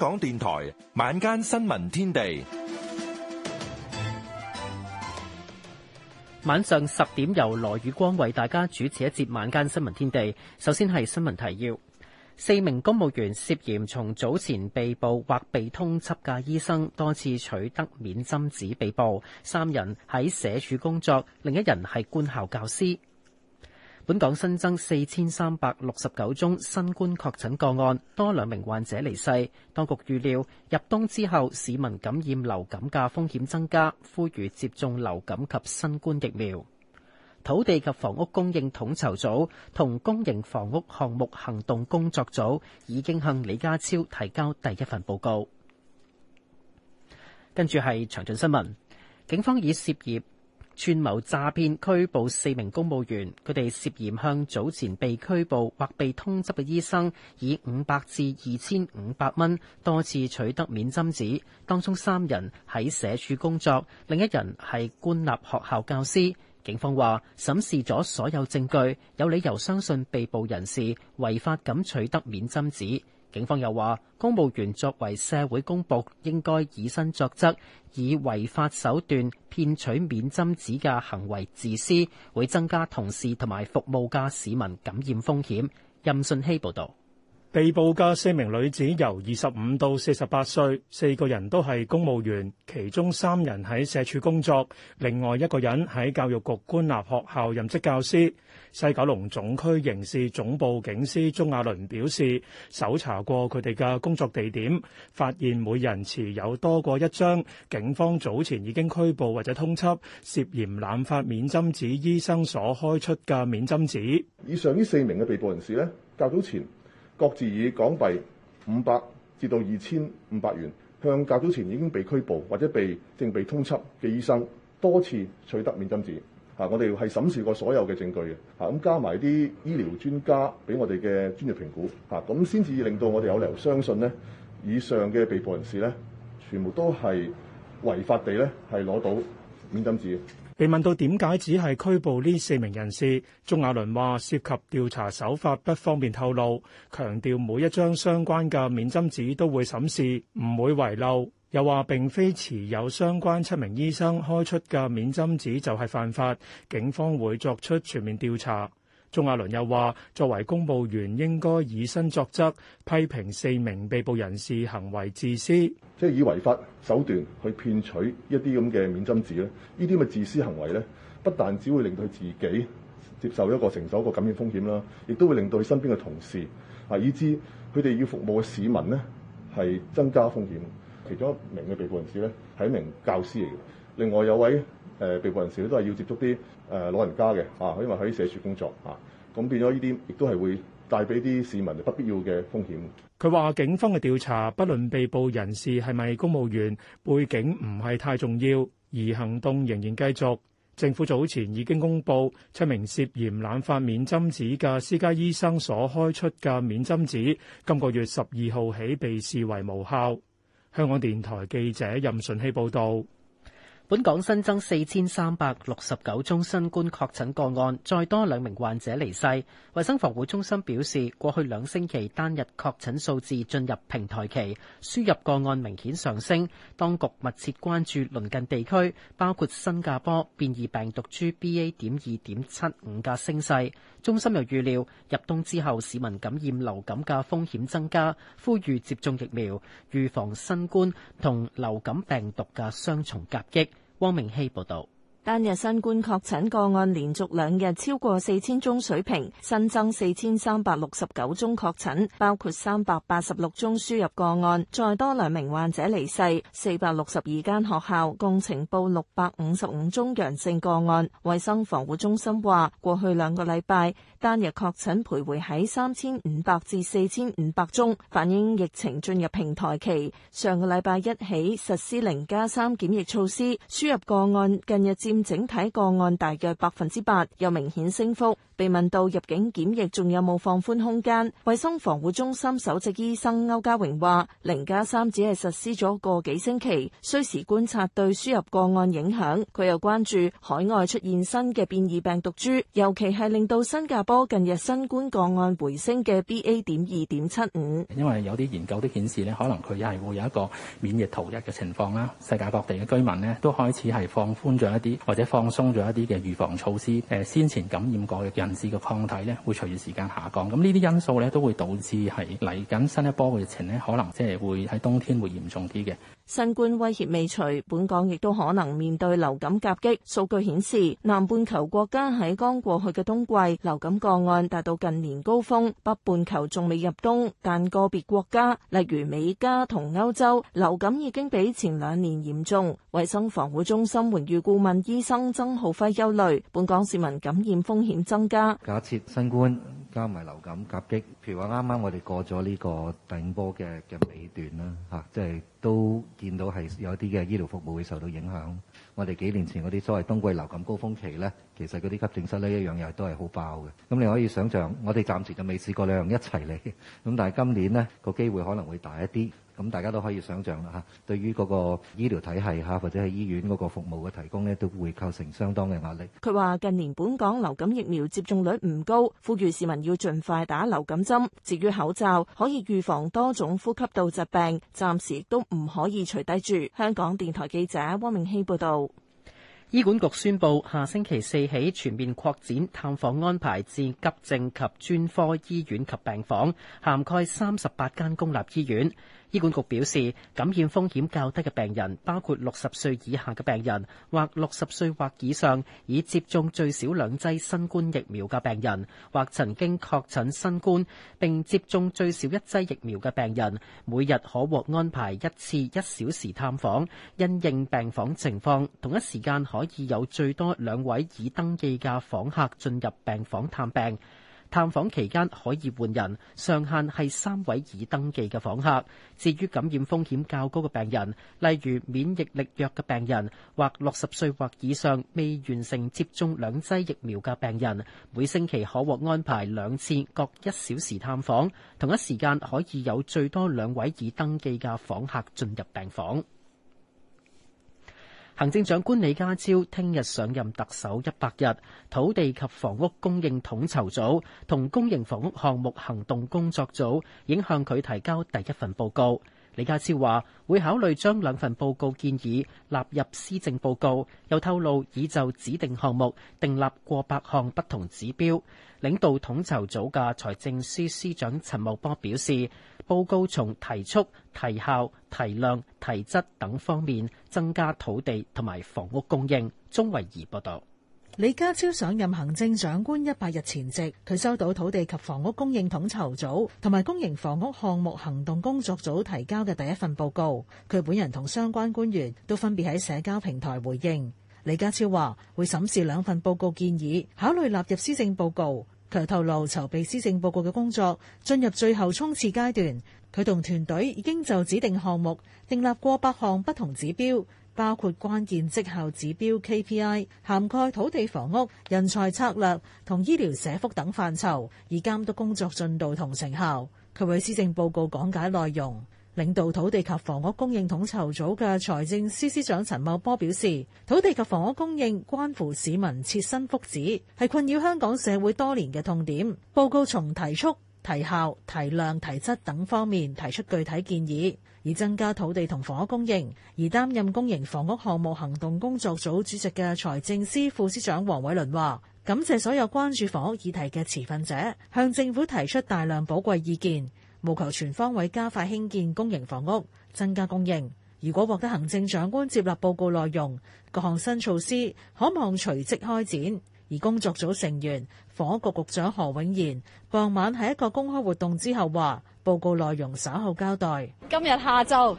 港電台晚間新聞天地，晚上十點由羅宇光為大家主持一節晚間新聞天地。首先係新聞提要：四名公務員涉嫌從早前被捕或被通緝嘅醫生，多次取得免針紙被捕。三人喺社署工作，另一人係官校教師。本港新增四千三百六十九宗新冠確診個案，多兩名患者離世。當局預料入冬之後市民感染流感嘅風險增加，呼籲接種流感及新冠疫苗。土地及房屋供應統籌組同公營房屋項目行動工作組已經向李家超提交第一份報告。跟住係詳盡新聞，警方以涉嫌串謀詐騙拘捕四名公務員，佢哋涉嫌向早前被拘捕或被通緝嘅醫生，以五百至二千五百蚊，多次取得免針紙，當中三人喺社署工作，另一人係官立學校教師。警方話審視咗所有證據，有理由相信被捕人士違法咁取得免針紙。警方又話，公務員作為社會公僕，應該以身作則，以違法手段騙取免針紙嘅行為自私，會增加同事同埋服務嘅市民感染風險，任信希報道。被捕嘅四名女子由二十五到四十八歲，四個人都係公務員，其中三人喺社署工作，另外一個人喺教育局官立學校任職教師。西九龍總區刑事總部警司鍾亞倫表示，搜查過佢哋嘅工作地點，發現每人持有多過一張警方早前已經拘捕或者通緝涉嫌濫發免針紙醫生所開出嘅免針紙。以上呢四名嘅被捕人士咧，較早前。各自以港幣五百至到二千五百元，向較早前已經被拘捕或者被正被通緝嘅醫生多次取得免針紙。嚇，我哋係審視過所有嘅證據嘅嚇，咁加埋啲醫療專家俾我哋嘅專業評估嚇，咁先至令到我哋有理由相信咧，以上嘅被捕人士咧，全部都係違法地咧係攞到免針紙。被問到點解只係拘捕呢四名人士，鍾亞倫話涉及調查手法不方便透露，強調每一張相關嘅免針紙都會審視，唔會遺漏。又話並非持有相關七名醫生開出嘅免針紙就係犯法，警方會作出全面調查。鍾亞倫又話：作為公務員，應該以身作則，批評四名被捕人士行為自私，即係以違法手段去騙取一啲咁嘅免針紙咧，依啲嘅自私行為咧，不但只會令到佢自己接受一個承受一個感染風險啦，亦都會令到你身邊嘅同事啊，以至佢哋要服務嘅市民咧係增加風險。其中一名嘅被捕人士咧，係一名教師嚟嘅，另外有位。誒被捕人士都係要接觸啲誒老人家嘅嚇，因為喺社署工作嚇，咁變咗呢啲亦都係會帶俾啲市民不必要嘅風險。佢話警方嘅調查，不論被捕人士係咪公務員，背景唔係太重要，而行動仍然繼續。政府早前已經公布七名涉嫌濫發免針紙嘅私家醫生所開出嘅免針紙，今個月十二號起被視為無效。香港電台記者任順熙報導。本港新增四千三百六十九宗新冠確診個案，再多兩名患者離世。衛生防護中心表示，過去兩星期單日確診數字進入平台期，輸入個案明顯上升。當局密切關注鄰近地區，包括新加坡變異病毒株 BA 點二點七五嘅升勢。中心又預料，入冬之後市民感染流感嘅風險增加，呼籲接種疫苗，預防新冠同流感病毒嘅雙重夾擊。汪明希報導。單日新冠確診個案連續兩日超過四千宗水平，新增四千三百六十九宗確診，包括三百八十六宗輸入個案，再多兩名患者離世。四百六十二間學校共呈報六百五十五宗陽性個案。衛生防護中心話，過去兩個禮拜，單日確診徘徊喺三千五百至四千五百宗，反映疫情進入平台期。上個禮拜一起實施零加三檢疫措施，輸入個案近日佔整體個案大約百分之八，有明顯升幅。被問到入境檢疫仲有冇放寬空間，衛生防護中心首席醫生歐家榮話：零加三只係實施咗個幾星期，需時觀察對輸入個案影響。佢又關注海外出現新嘅變異病毒株，尤其係令到新加坡。波近日新冠個案回升嘅 B A. 點二點七五，因為有啲研究都顯示咧，可能佢係會有一個免疫逃逸嘅情況啦。世界各地嘅居民咧都開始係放寬咗一啲或者放鬆咗一啲嘅預防措施。誒、呃、先前感染過嘅人士嘅抗體咧會隨住時間下降，咁呢啲因素咧都會導致係嚟緊新一波嘅疫情咧，可能即係會喺冬天會嚴重啲嘅。新冠威脅未除，本港亦都可能面對流感夾擊。數據顯示，南半球國家喺剛過去嘅冬季流感個案達到近年高峰，北半球仲未入冬，但個別國家例如美加同歐洲流感已經比前兩年嚴重。衞生防護中心榮譽顧問醫生曾浩輝憂慮，本港市民感染風險增加。假設新冠加埋流感夾擊，譬如話啱啱我哋過咗呢個頂波嘅嘅尾段啦，嚇、啊，即係。都見到係有啲嘅醫療服務會受到影響。我哋幾年前嗰啲所謂冬季流感高峰期咧，其實嗰啲急症室呢一樣嘢都係好爆嘅。咁你可以想象，我哋暫時就未試過兩樣一齊嚟。咁但係今年咧個機會可能會大一啲。咁大家都可以想象啦吓。對於嗰個醫療體系吓，或者喺醫院嗰個服務嘅提供咧，都會構成相當嘅壓力。佢話：近年本港流感疫苗接種率唔高，呼籲市民要盡快打流感針。至於口罩，可以預防多種呼吸道疾病，暫時亦都唔可以除低住。香港電台記者汪明熙報導。醫管局宣布，下星期四起全面擴展探訪安排至急症及專科醫院及病房，涵蓋三十八間公立醫院。醫管局表示，感染風險較低嘅病人，包括60歲以下嘅病人或60探訪期間可以換人，上限係三位已登記嘅訪客。至於感染風險較高嘅病人，例如免疫力弱嘅病人或六十歲或以上未完成接種兩劑疫苗嘅病人，每星期可獲安排兩次各一小時探訪，同一時間可以有最多兩位已登記嘅訪客進入病房。行政長官李家超聽日上任特首一百日，土地及房屋供應統籌組同公營房屋項目行動工作組已經向佢提交第一份報告。李家超話會考慮將兩份報告建議納入施政報告，又透露已就指定項目訂立過百項不同指標。領導統籌組嘅財政司司長陳茂波表示，報告從提速、提效、提量、提質等方面增加土地同埋房屋供應。鍾維怡報道。李家超上任行政長官一百日前夕，佢收到土地及房屋供應統籌組同埋公營房屋項目行動工作組提交嘅第一份報告。佢本人同相關官員都分別喺社交平台回應。李家超話會審視兩份報告建議，考慮納入施政報告。佢透露籌備施政報告嘅工作進入最後衝刺階段。佢同團隊已經就指定項目訂立過百項不同指標。包括關鍵績效指標 KPI，涵蓋土地、房屋、人才策略同醫療社福等範疇，以監督工作進度同成效。佢為施政報告講解內容。領導土地及房屋供應統籌組嘅財政司司長陳茂波表示，土地及房屋供應關乎市民切身福祉，係困擾香港社會多年嘅痛點。報告從提速、提效、提量、提質等方面提出具體建議，以增加土地同房屋供應。而擔任公營房屋項目行動工作組主席嘅財政司副司長黃偉倫話，感謝所有關注房屋議題嘅持份者，向政府提出大量寶貴意見，務求全方位加快興建公營房屋，增加供應，如果獲得行政長官接納報告內容，各項新措施可望隨即開展。而工作組成員房屋局局長何永賢傍晚喺一個公開活動之後話。.報告內容稍後交代今日下午，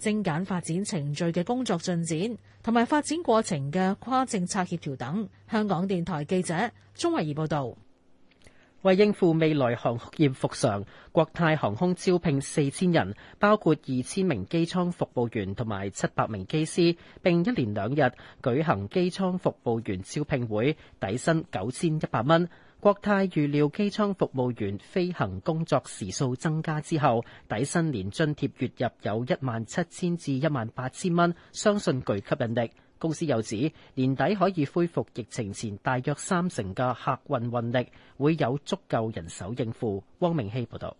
精簡發展程序嘅工作進展，同埋發展過程嘅跨政策協調等。香港電台記者鍾慧儀報道。為應付未來航空業復常，國泰航空招聘四千人，包括二千名機艙服務員同埋七百名機師，並一連兩日舉行機艙服務員招聘會，底薪九千一百蚊。國泰預料機艙服務員飛行工作時數增加之後，底薪年津貼月入有一萬七千至一萬八千蚊，相信具吸引力。公司又指年底可以恢復疫情前大約三成嘅客運運力，會有足夠人手應付。汪明希報道。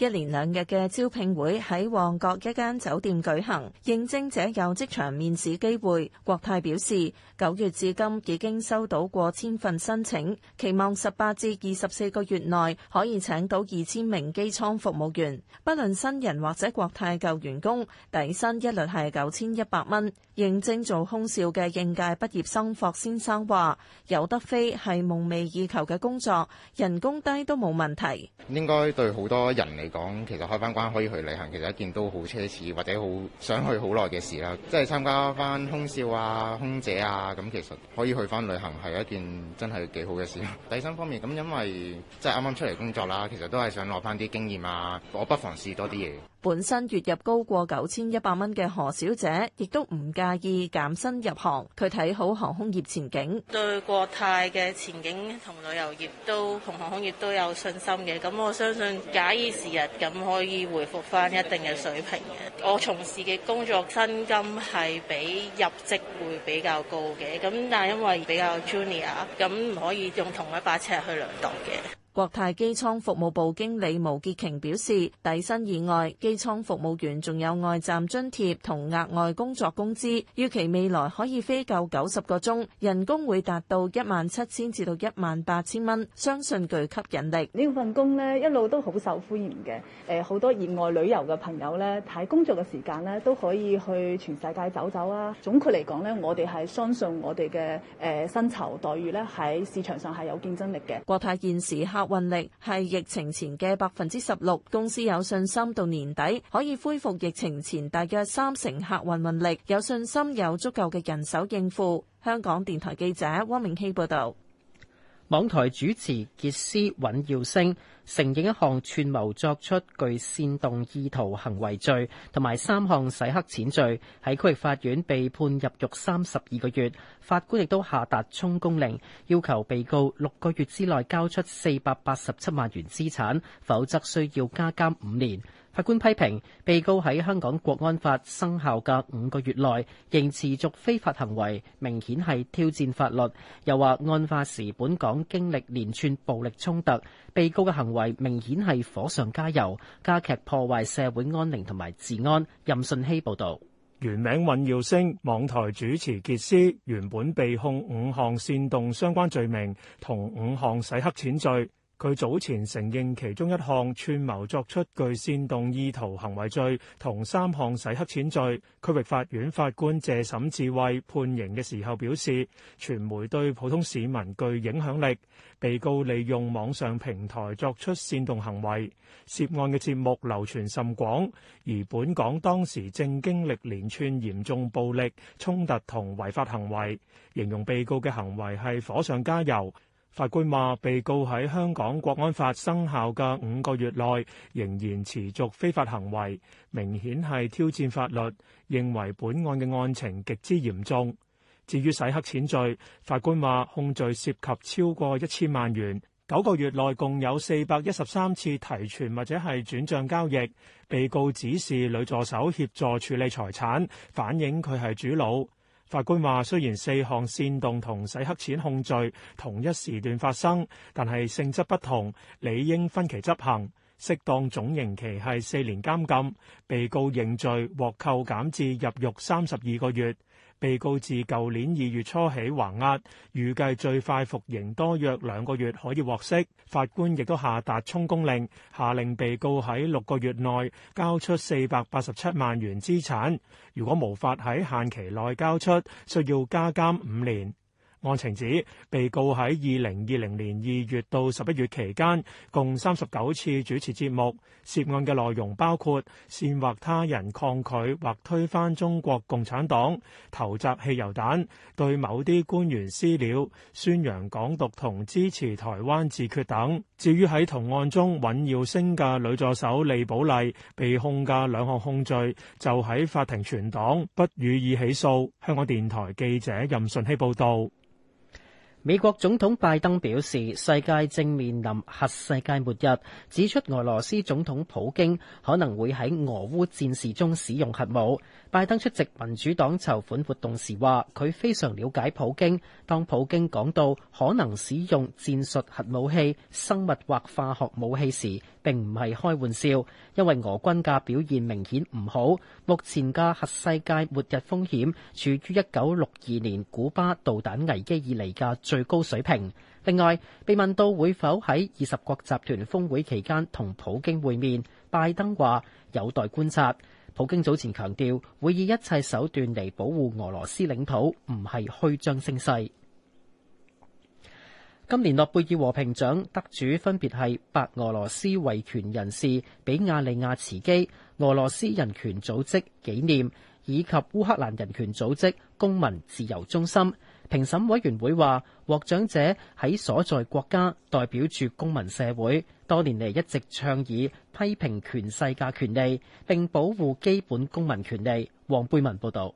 一連兩日嘅招聘會喺旺角一間酒店舉行，應徵者有職場面試機會。國泰表示，九月至今已經收到過千份申請，期望十八至二十四個月內可以請到二千名機艙服務員。不論新人或者國泰舊員工，底薪一律係九千一百蚊。應徵做空少嘅應屆畢業生霍先生話，有得飛係夢寐以求嘅工作，人工低都冇問題。應該對好多人嚟講，講其實開翻關可以去旅行，其實一件都好奢侈或者好想去好耐嘅事啦。即係參加翻空少啊、空姐啊，咁其實可以去翻旅行係一件真係幾好嘅事。第三方面咁，因為即係啱啱出嚟工作啦，其實都係想攞翻啲經驗啊，我不妨試多啲嘢。本身月入高過九千一百蚊嘅何小姐，亦都唔介意減薪入行。佢睇好航空業前景，對國泰嘅前景同旅遊業都同航空業都有信心嘅。咁我相信假以時日，咁可以回復翻一定嘅水平嘅。我從事嘅工作薪金係比入職會比較高嘅，咁但係因為比較 junior，咁唔可以用同一把尺去量度嘅。國泰機艙服務部經理毛潔瓊表示，底薪以外，機艙服務員仲有外站津貼同額外工作工資。預期未來可以飛夠九十個鐘，人工會達到一萬七千至到一萬八千蚊，相信具吸引力。呢份工呢一路都好受歡迎嘅，誒、呃，好多熱愛旅遊嘅朋友呢，喺工作嘅時間呢都可以去全世界走走啊。總括嚟講呢，我哋係相信我哋嘅誒薪酬待遇呢喺市場上係有競爭力嘅。國泰現時敲運力係疫情前嘅百分之十六，公司有信心到年底可以恢復疫情前大約三成客運運力，有信心有足夠嘅人手應付。香港電台記者汪明希報道。網台主持杰斯尹耀升承認一項串謀作出具煽動意圖行為罪，同埋三項洗黑錢罪，喺區域法院被判入獄三十二個月。法官亦都下達充公令，要求被告六個月之內交出四百八十七萬元資產，否則需要加監五年。法官批評被告喺香港國安法生效嘅五個月內仍持續非法行為，明顯係挑戰法律。又話案發時本港經歷連串暴力衝突，被告嘅行為明顯係火上加油，加劇破壞社會安寧同埋治安。任信希報道，原名尹耀升，網台主持杰斯，原本被控五項煽動相關罪名同五項洗黑錢罪。佢早前承認其中一項串謀作出具煽動意圖行為罪同三項洗黑錢罪。區域法院法官謝沈智慧判刑嘅時候表示，傳媒對普通市民具影響力，被告利用網上平台作出煽動行為，涉案嘅節目流傳甚廣，而本港當時正經歷連串嚴重暴力衝突同違法行為，形容被告嘅行為係火上加油。法官話，被告喺香港國安法生效嘅五個月內仍然持續非法行為，明顯係挑戰法律，認為本案嘅案情極之嚴重。至於洗黑錢罪，法官話控罪涉及超過一千萬元，九個月內共有四百一十三次提存或者係轉賬交易，被告指示女助手協助處理財產，反映佢係主腦。法官話：雖然四項煽動同洗黑錢控罪同一時段發生，但係性質不同，理應分期執行。適當總刑期係四年監禁，被告認罪獲扣減至入獄三十二個月。被告自舊年二月初起還押，預計最快服刑多約兩個月可以獲釋。法官亦都下達充公令，下令被告喺六個月內交出四百八十七萬元資產。如果無法喺限期內交出，需要加監五年。案情指，被告喺二零二零年二月到十一月期間，共三十九次主持節目，涉案嘅內容包括煽惑他人抗拒或推翻中國共產黨、投擲汽油彈、對某啲官員私了、宣揚港獨同支持台灣自決等。至於喺同案中揾耀升嘅女助手李寶麗，被控嘅兩項控罪就喺法庭全擋，不予以起訴。香港電台記者任順希報導。美國總統拜登表示，世界正面臨核世界末日，指出俄羅斯總統普京可能會喺俄烏戰事中使用核武。拜登出席民主黨籌款活動時話，佢非常了解普京。當普京講到可能使用戰術核武器、生物或化學武器時，並唔係開玩笑，因為俄軍嘅表現明顯唔好，目前嘅核世界末日風險處於一九六二年古巴導彈危機以來嘅最高水平。另外，被問到會否喺二十國集團峰會期間同普京會面，拜登話有待觀察。普京早前強調會以一切手段嚟保護俄羅斯領土，唔係虛張聲勢。今年諾貝爾和平獎得主分別係白俄羅斯維權人士比亞利亞茨基、俄羅斯人權組織紀念以及烏克蘭人權組織公民自由中心。評審委員會話，獲獎者喺所在國家代表住公民社會，多年嚟一直倡議批評權勢嘅權利，並保護基本公民權利。黃貝文報導。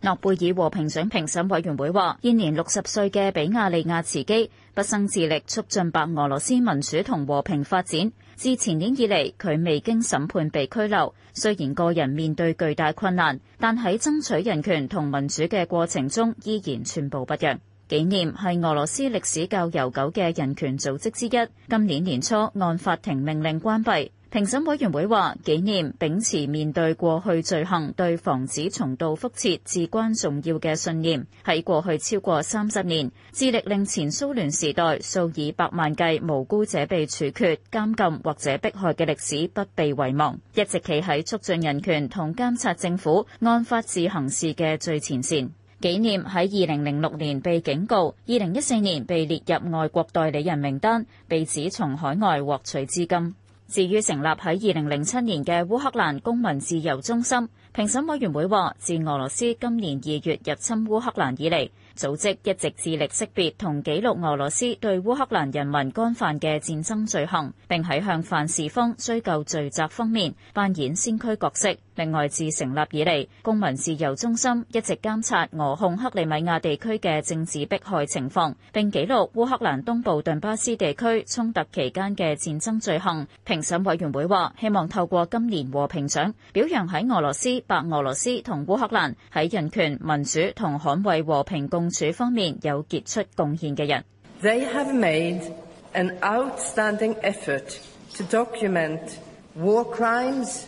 諾貝爾和平獎評審委員會話，現年六十歲嘅比亞利亞茨基不勝自力，促進白俄羅斯民主同和，和平發展。自前年以嚟，佢未經審判被拘留，雖然個人面對巨大困難，但喺爭取人權同民主嘅過程中依然寸步不讓。紀念係俄羅斯歷史較悠久嘅人權組織之一，今年年初按法庭命令關閉。評審委員會話：紀念秉持面對過去罪行、對防止重蹈覆轍至關重要嘅信念，喺過去超過三十年，致力令前蘇聯時代數以百萬計無辜者被處決、監禁或者迫害嘅歷史不被遺忘，一直企喺促進人權同監察政府按法治行事嘅最前線。紀念喺二零零六年被警告，二零一四年被列入外國代理人名單，被指從海外獲取資金。至於成立喺二零零七年嘅烏克蘭公民自由中心，評審委員會話，自俄羅斯今年二月入侵烏克蘭以嚟，組織一直致力識別同記錄俄羅斯對烏克蘭人民干犯嘅戰爭罪行，並喺向犯事方追究罪責方面扮演先驅角色。另外，自成立以嚟，公民自由中心一直監察俄控克里米亞地區嘅政治迫害情況，並記錄烏克蘭東部頓巴斯地區衝突期間嘅戰爭罪行。評審委員會話，希望透過今年和平獎，表揚喺俄羅斯、白俄羅斯同烏克蘭喺人權、民主同捍衛和平共處方面有傑出貢獻嘅人。They have made an outstanding effort to document war crimes.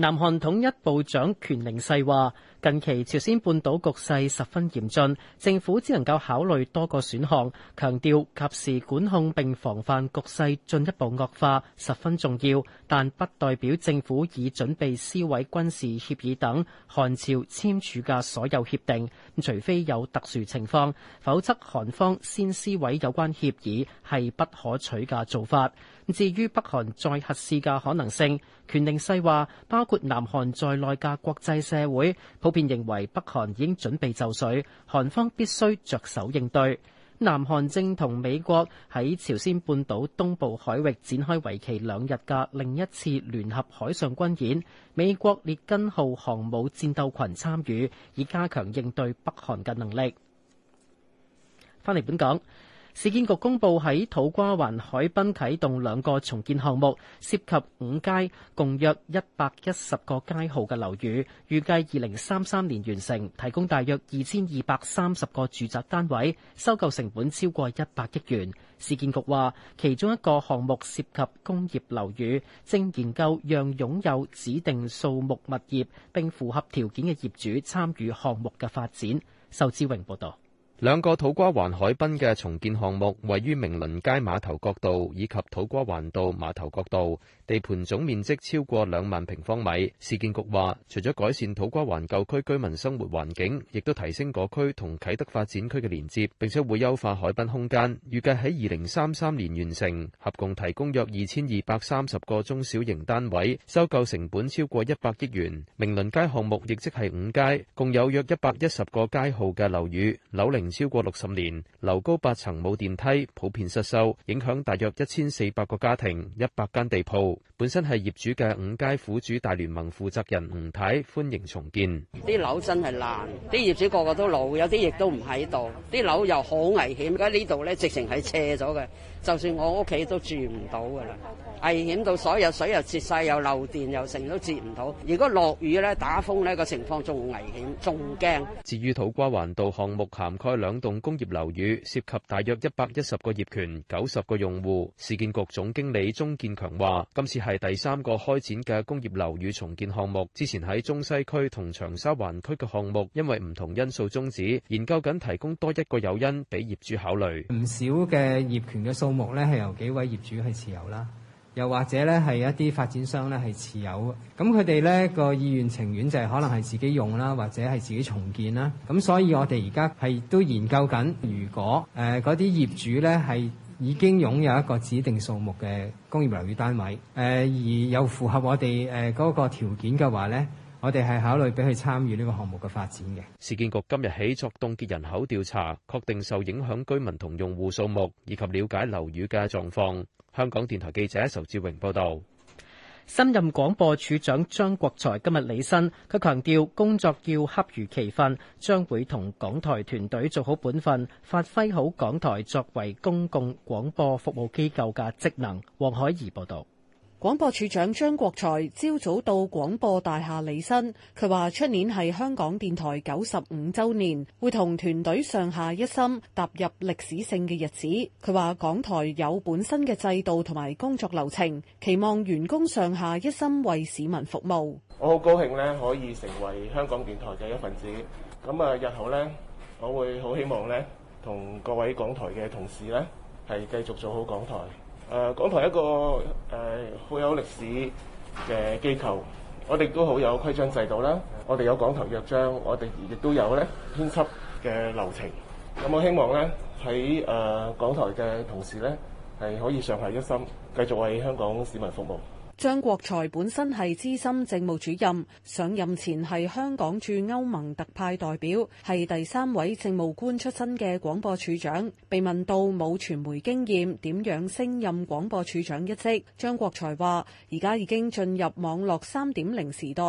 南韓統一部長權寧世話，近期朝鮮半島局勢十分嚴峻，政府只能夠考慮多個選項，強調及時管控並防範局勢進一步惡化十分重要，但不代表政府已準備撕毀軍事協議等韓朝簽署嘅所有協定。除非有特殊情況，否則韓方先撕毀有關協議係不可取嘅做法。至於北韓再核試嘅可能性，權寧世話，包括南韓在內嘅國際社會普遍認為北韓已經準備就緒，韓方必須着手應對。南韓正同美國喺朝鮮半島東部海域展開為期兩日嘅另一次聯合海上軍演，美國列根號航母戰鬥群參與，以加強應對北韓嘅能力。翻嚟本港。市建局公布喺土瓜灣海濱啟動兩個重建項目，涉及五街共約一百一十個街號嘅樓宇，預計二零三三年完成，提供大約二千二百三十個住宅單位，收購成本超過一百億元。市建局話，其中一個項目涉及工業樓宇，正研究讓擁有指定數目物業並符合條件嘅業主參與項目嘅發展。壽志榮報道。兩個土瓜灣海濱嘅重建項目，位於明倫街馬頭角道以及土瓜灣道馬頭角道。地盤總面積超過兩萬平方米。市建局話，除咗改善土瓜灣舊區居民生活環境，亦都提升嗰區同啟德發展區嘅連接。並且會優化海濱空間，預計喺二零三三年完成，合共提供約二千二百三十個中小型單位。收購成本超過一百億元。明倫街項目亦即係五街，共有約一百一十個街號嘅樓宇，樓齡超過六十年，樓高八層，冇電梯，普遍失修，影響大約一千四百個家庭，一百間地鋪。本身係業主嘅五街苦主大聯盟負責人吳太歡迎重建。啲樓真係爛，啲業主個個都老，有啲亦都唔喺度。啲樓又好危險，而家呢度咧直情係斜咗嘅，就算我屋企都住唔到噶啦，危險到所有水又蝕晒，又漏電又成都接唔到。如果落雨咧，打風呢個情況仲危險，仲驚。至於土瓜灣道項目涵蓋兩棟工業樓宇，涉及大約一百一十個業權，九十個用戶。市建局總經理鍾建強話，今。好似係第三個開展嘅工業樓宇重建項目。之前喺中西區同長沙灣區嘅項目，因為唔同因素中止。研究緊提供多一個誘因俾業主考慮。唔少嘅業權嘅數目咧，係由幾位業主去持有啦，又或者咧係一啲發展商咧係持有。咁佢哋咧個意願情願就係可能係自己用啦，或者係自己重建啦。咁所以我哋而家係都研究緊，如果誒嗰啲業主咧係，已經擁有一個指定數目嘅工業樓宇單位，誒、呃、而有符合我哋誒嗰個條件嘅話呢，我哋係考慮俾佢參與呢個項目嘅發展嘅。市建局今日起作凍結人口調查，確定受影響居民同用戶數目，以及了解樓宇嘅狀況。香港電台記者仇志榮報導。新任廣播處長張國財今日履新，佢強調工作要恰如其分，將會同港台團隊做好本分，發揮好港台作為公共廣播服務機構嘅職能。黃海怡報道。廣播處長張國財朝早到廣播大廈履新，佢話出年係香港電台九十五周年，會同團隊上下一心踏入歷史性嘅日子。佢話港台有本身嘅制度同埋工作流程，期望員工上下一心為市民服務。我好高興呢可以成為香港電台嘅一份子。咁啊，日後呢，我會好希望呢同各位港台嘅同事呢係繼續做好港台。誒港、呃、台一個誒好、呃、有歷史嘅機構，我哋都好有規章制度啦。我哋有港台約章，我哋亦都有咧編輯嘅流程。咁我希望咧喺誒港台嘅同事咧係可以上下一心，繼續為香港市民服務。張國財本身係資深政務主任，上任前係香港駐歐盟特派代表，係第三位政務官出身嘅廣播處長。被問到冇傳媒經驗，點樣升任廣播處長一職，張國財話：而家已經進入網絡三點零時代，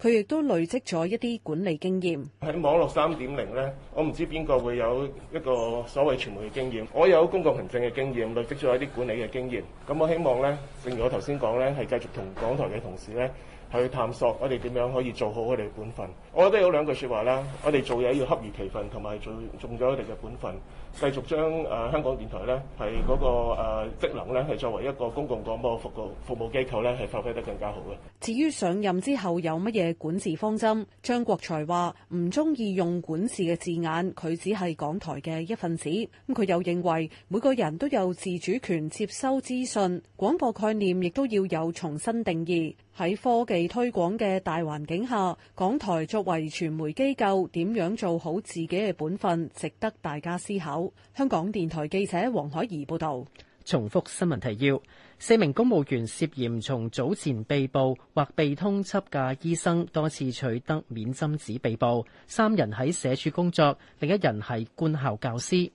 佢亦都累積咗一啲管理經驗。喺網絡三點零呢，我唔知邊個會有一個所謂傳媒嘅經驗。我有公共行政嘅經驗，累積咗一啲管理嘅經驗。咁我希望呢，正如我頭先講呢，係。繼續同港台嘅同事咧去探索，我哋點樣可以做好我哋嘅本分。我覺得有兩句說話啦，我哋做嘢要恰如其分，同埋做做咗我哋嘅本分。繼續將誒香港電台咧，係嗰個誒職能，咧係作為一個公共廣播服務服務機構咧係發揮得更加好嘅。至於上任之後有乜嘢管治方針，張國才話唔中意用管治嘅字眼，佢只係港台嘅一份子。咁佢又認為每個人都有自主權接收資訊，廣播概念亦都要有重新定義，喺科技推廣嘅大環境下，港台作為傳媒機構點樣做好自己嘅本分，值得大家思考。香港電台記者黃海怡報道：重複新聞提要，四名公務員涉嫌從早前被捕或被通緝嘅醫生，多次取得免針紙被捕。三人喺社署工作，另一人係官校教師。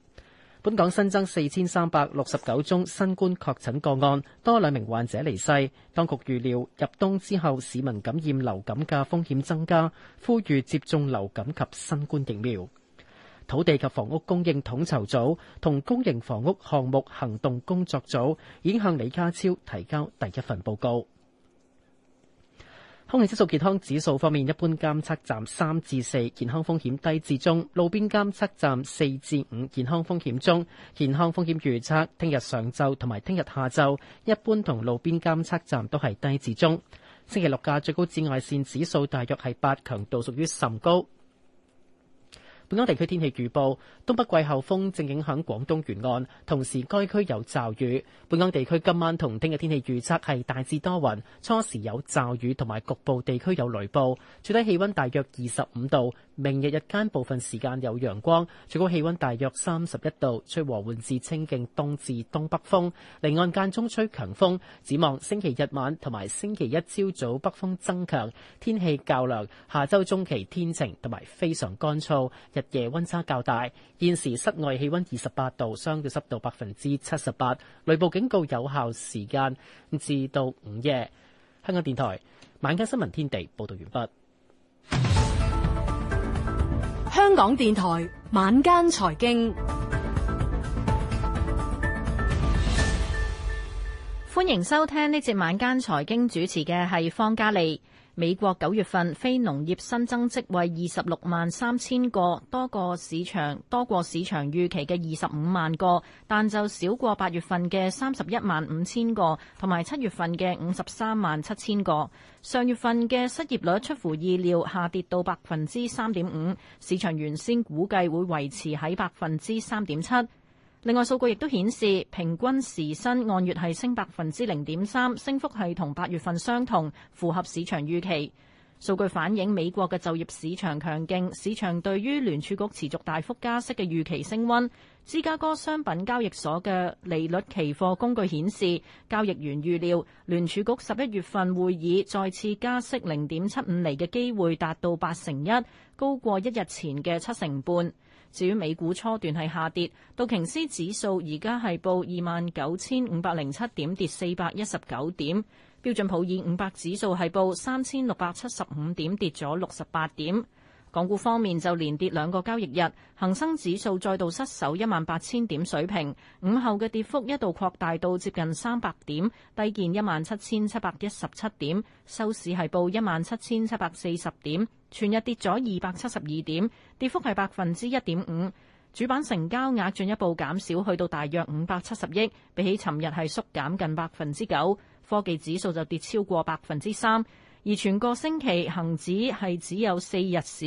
本港新增四千三百六十九宗新冠確診個案，多兩名患者離世。當局預料入冬之後市民感染流感嘅風險增加，呼籲接種流感及新冠疫苗。土地及房屋供應統籌組,組同公營房屋項目行動工作組已經向李家超提交第一份報告。空氣質素健康指數方面，一般監測站三至四，健康風險低至中；路邊監測站四至五，健康風險中。健康風險預測：聽日上晝同埋聽日下晝，一般同路邊監測站都係低至中。星期六嘅最高紫外線指數大約係八，強度屬於甚高。本港地區天氣預報：東北季候風正影響廣東沿岸，同時該區有驟雨。本港地區今晚同聽日天氣預測係大致多雲，初時有驟雨同埋局部地區有雷暴，最低氣溫大約二十五度。明日日間部分時間有陽光，最高氣溫大約三十一度，吹和緩至清勁東至東北風，離岸間中吹強風。展望星期日晚同埋星期一朝早，早北風增強，天氣較涼。下周中期天晴同埋非常乾燥，日夜溫差較大。現時室外氣溫二十八度，相對濕度百分之七十八，雷暴警告有效時間至到午夜。香港電台《晚間新聞天地》報道完畢。香港電台晚間財經，歡迎收聽呢節晚間財經，主持嘅係方嘉利。美國九月份非農業新增職位二十六萬三千個，多過市場多過市場預期嘅二十五萬個，但就少過八月份嘅三十一萬五千個，同埋七月份嘅五十三萬七千個。上月份嘅失業率出乎意料下跌到百分之三點五，市場原先估計會維持喺百分之三點七。另外數據亦都顯示，平均時薪按月係升百分之零點三，升幅係同八月份相同，符合市場預期。數據反映美國嘅就業市場強勁，市場對於聯儲局持續大幅加息嘅預期升溫。芝加哥商品交易所嘅利率期貨工具顯示，交易員預料聯儲局十一月份會議再次加息零點七五厘嘅機會達到八成一，高過一日前嘅七成半。至於美股初段係下跌，道瓊斯指數而家係報二萬九千五百零七點，跌四百一十九點；標準普爾五百指數係報三千六百七十五點，跌咗六十八點。港股方面就連跌兩個交易日，恒生指數再度失守一萬八千點水平。午後嘅跌幅一度擴大到接近三百點，低見一萬七千七百一十七點，收市係報一萬七千七百四十點，全日跌咗二百七十二點，跌幅係百分之一點五。主板成交額進一步減少，去到大約五百七十億，比起尋日係縮減近百分之九。科技指數就跌超過百分之三。而全個星期，恒指係只有四日市，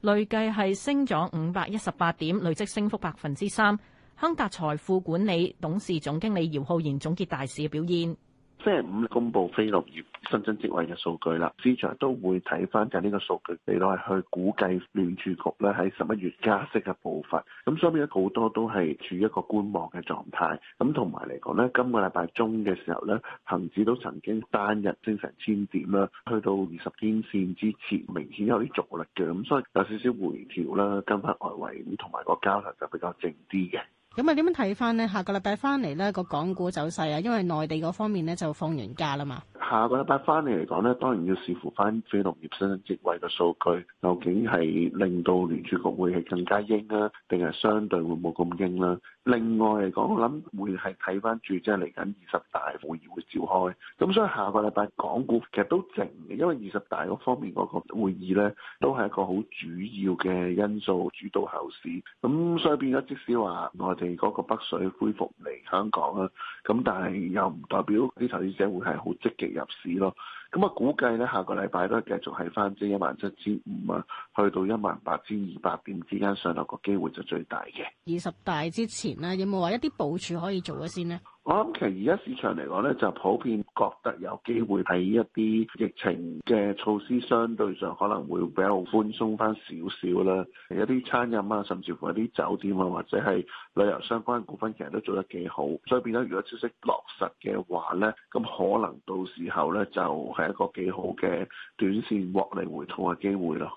累計係升咗五百一十八點，累積升幅百分之三。亨達財富管理董事總經理姚浩然總結大市嘅表現。星期五公布非農業新增職位嘅數據啦，市場都會睇返就係呢個數據嚟到去估計聯儲局咧喺十一月加息嘅步伐。咁所以咧好多都係處於一個觀望嘅狀態。咁同埋嚟講咧，今個禮拜中嘅時候咧，恒指都曾經單日升成千點啦，去到二十天線之前，明顯有啲阻力嘅。咁所以有少少回調啦，今日外圍同埋個交投就比較靜啲嘅。咁啊，點樣睇翻咧？下個禮拜翻嚟咧，個港股走勢啊，因為內地嗰方面咧就放完假啦嘛。下個禮拜翻嚟嚟講咧，當然要視乎翻非農業新增職位嘅數據，究竟係令到聯儲局會係更加㷫啊，定係相對會冇咁㷫啦。另外嚟講，我諗會係睇翻住，即係嚟緊二十大會議會召開，咁所以下個禮拜港股其實都靜嘅，因為二十大嗰方面嗰個會議咧，都係一個好主要嘅因素，主導後市。咁所以變咗，即使話內地嗰個北水恢復嚟香港啊，咁但係又唔代表啲投資者會係好積極入市咯。咁啊，估計咧下個禮拜都繼續係翻即係一萬七千五啊，去到一萬八千二百點之間上落個機會就最大嘅。二十大之前啦、啊，有冇話一啲部署可以做一先咧？我諗其實而家市場嚟講咧，就普遍覺得有機會喺一啲疫情嘅措施相對上可能會比較寬鬆翻少少啦。有啲餐飲啊，甚至乎有啲酒店啊，或者係旅遊相關股份，其實都做得幾好。所以變咗，如果消息落實嘅話咧，咁可能到時候咧就係一個幾好嘅短線獲利回吐嘅機會咯。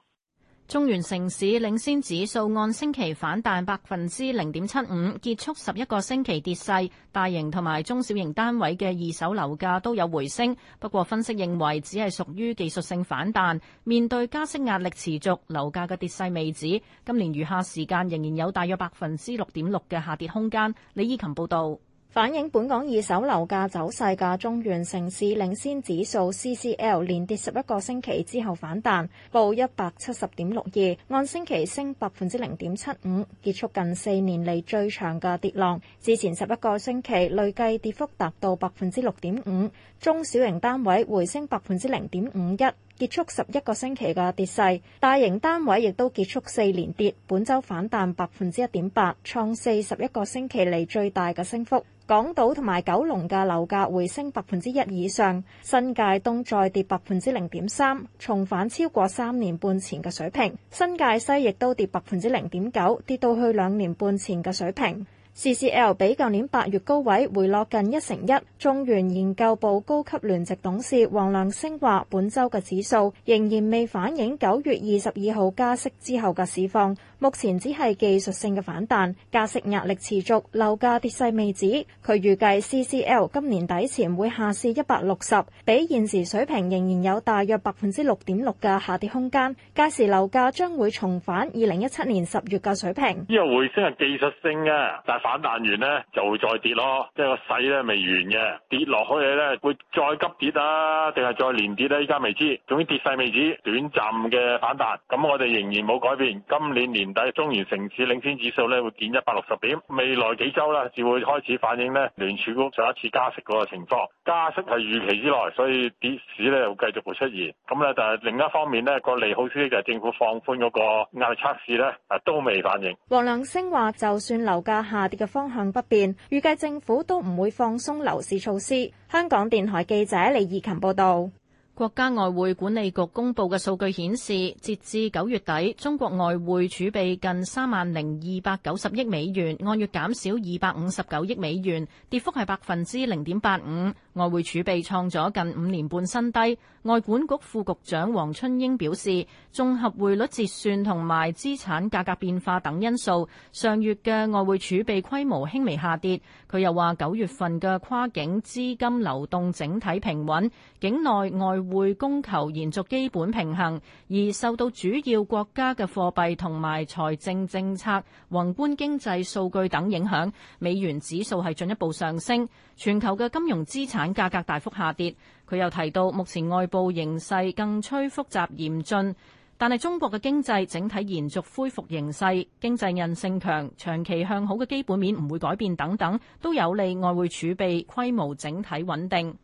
中原城市領先指數按星期反彈百分之零點七五，結束十一個星期跌勢。大型同埋中小型單位嘅二手樓價都有回升，不過分析認為只係屬於技術性反彈。面對加息壓力持續，樓價嘅跌勢未止，今年餘下時間仍然有大約百分之六點六嘅下跌空間。李依琴報道。反映本港二手樓價走勢嘅中原城市領先指數 CCL 連跌十一個星期之後反彈，報一百七十點六二，按星期升百分之零點七五，結束近四年嚟最長嘅跌浪。之前十一個星期累計跌幅達到百分之六點五。中小型單位回升百分之零點五一，結束十一個星期嘅跌勢。大型單位亦都結束四連跌，本周反彈百分之一點八，創四十一個星期嚟最大嘅升幅。港島同埋九龍嘅樓價回升百分之一以上，新界東再跌百分之零點三，重返超過三年半前嘅水平；新界西亦都跌百分之零點九，跌到去兩年半前嘅水平。CCL 比舊年八月高位回落近一成一。中原研究部高級聯席董事黃亮星話，本週嘅指數仍然未反映九月二十二號加息之後嘅市況。目前只係技術性嘅反彈，加息壓力持續，樓價跌勢未止。佢預計 CCL 今年底前會下試一百六十，比現時水平仍然有大約百分之六點六嘅下跌空間。屆時樓價將會重返二零一七年十月嘅水平。呢個回升係技術性嘅，但係反彈完呢就會再跌咯，即係個勢咧未完嘅，跌落去咧會再急跌啊，定係再連跌咧啊？依家未知，總之跌勢未止，短暫嘅反彈。咁我哋仍然冇改變，今年年。但係中原城市領先指數咧會見一百六十點，未來幾週咧就會開始反映咧聯儲局上一次加息個情況，加息係預期之內，所以跌市咧又繼續會出現。咁咧但係另一方面咧個利好消息就係政府放寬嗰個壓力測試咧，都未反應。黃良昇話：就算樓價下跌嘅方向不變，預計政府都唔會放鬆樓市措施。香港電台記者李義琴報道。國家外匯管理局公布嘅數據顯示，截至九月底，中國外匯儲備近三萬零二百九十億美元，按月減少二百五十九億美元，跌幅係百分之零點八五，外匯儲備創咗近五年半新低。外管局副局長王春英表示，綜合匯率折算同埋資產價格變化等因素，上月嘅外匯儲備規模輕微下跌。佢又話九月份嘅跨境資金流動整體平穩，境內外。會供求延續基本平衡，而受到主要國家嘅貨幣同埋財政政策、宏觀經濟數據等影響，美元指數係進一步上升，全球嘅金融資產價格大幅下跌。佢又提到，目前外部形勢更趨複雜嚴峻，但係中國嘅經濟整體延續恢復形勢，經濟韌性強，長期向好嘅基本面唔會改變等等，都有利外匯儲備規模整體穩定。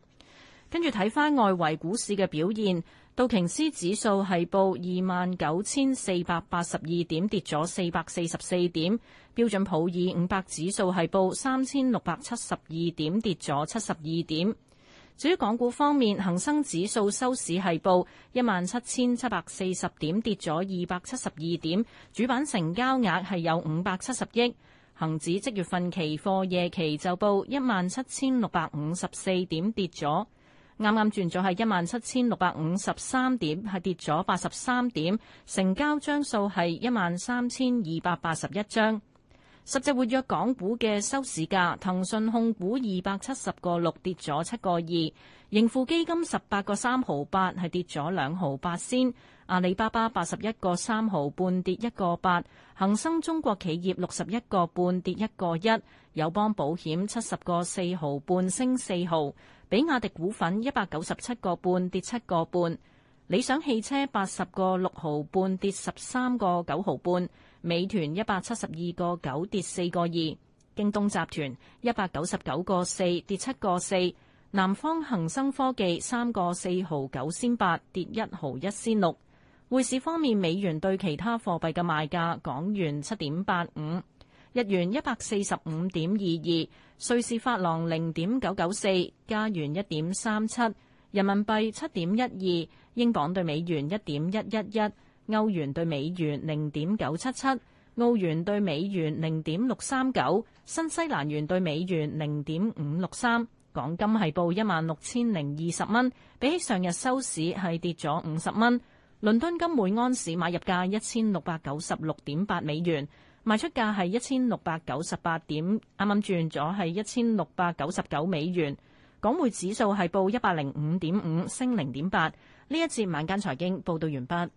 跟住睇翻外圍股市嘅表現，道瓊斯指數係報二萬九千四百八十二點，跌咗四百四十四點；標準普爾五百指數係報三千六百七十二點，跌咗七十二點。至於港股方面，恒生指數收市係報一萬七千七百四十點，跌咗二百七十二點。主板成交額係有五百七十億，恒指即月份期貨夜期就報一萬七千六百五十四點，跌咗。啱啱轉咗係一萬七千六百五十三點，係跌咗八十三點，成交張數係一萬三千二百八十一張。十隻活躍港股嘅收市價，騰訊控股二百七十個六跌咗七個二，盈富基金十八個三毫八係跌咗兩毫八仙，阿里巴巴八十一個三毫半跌一個八，恒生中國企業六十一個半跌一個一，友邦保險七十個四毫半升四毫。比亞迪股份一百九十七個半跌七個半，理想汽車八十個六毫半跌十三個九毫半，美團一百七十二個九跌四個二，京東集團一百九十九個四跌七個四，南方恒生科技三個四毫九仙八跌一毫一仙六。匯市方面，美元對其他貨幣嘅賣價，港元七點八五。日元一百四十五點二二，瑞士法郎零點九九四，加元一點三七，人民幣七點一二，英鎊兌美元一點一一一，歐元兌美元零點九七七，澳元兌美元零點六三九，新西蘭元兌美元零點五六三。港金係報一萬六千零二十蚊，比起上日收市係跌咗五十蚊。倫敦金每安士買入價一千六百九十六點八美元。賣出價係一千六百九十八點，啱啱轉咗係一千六百九十九美元。港匯指數係報 5. 5, 一百零五點五，升零點八。呢一節晚間財經報道完畢。